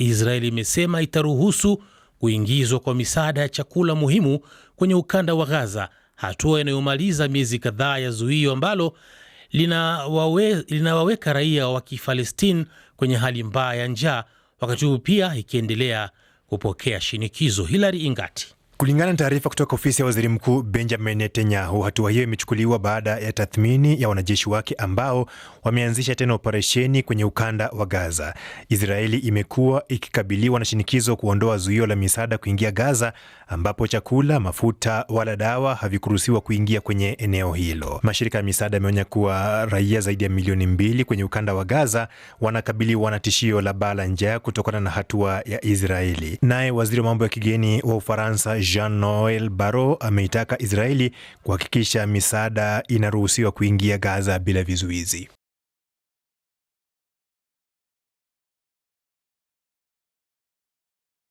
Israel imesema itaruhusu kuingizwa kwa misaada ya chakula muhimu kwenye ukanda wa Gaza, hatua inayomaliza miezi kadhaa ya zuio ambalo linawawe, linawaweka raia wa Kifalestini kwenye hali mbaya ya njaa, wakati huu pia ikiendelea kupokea shinikizo. Hilary Ingati. Kulingana na taarifa kutoka ofisi ya waziri mkuu Benjamin Netanyahu, hatua hiyo imechukuliwa baada ya tathmini ya wanajeshi wake ambao wameanzisha tena operesheni kwenye ukanda wa Gaza. Israeli imekuwa ikikabiliwa na shinikizo kuondoa zuio la misaada kuingia Gaza, ambapo chakula, mafuta wala dawa havikuruhusiwa kuingia kwenye eneo hilo. Mashirika ya misaada yameonya kuwa raia zaidi ya milioni mbili kwenye ukanda wa Gaza wanakabiliwa na tishio la baa la njaa kutokana na hatua ya Israeli. Naye waziri wa mambo ya kigeni wa Ufaransa Jean Noel Baro ameitaka Israeli kuhakikisha misaada inaruhusiwa kuingia Gaza bila vizuizi.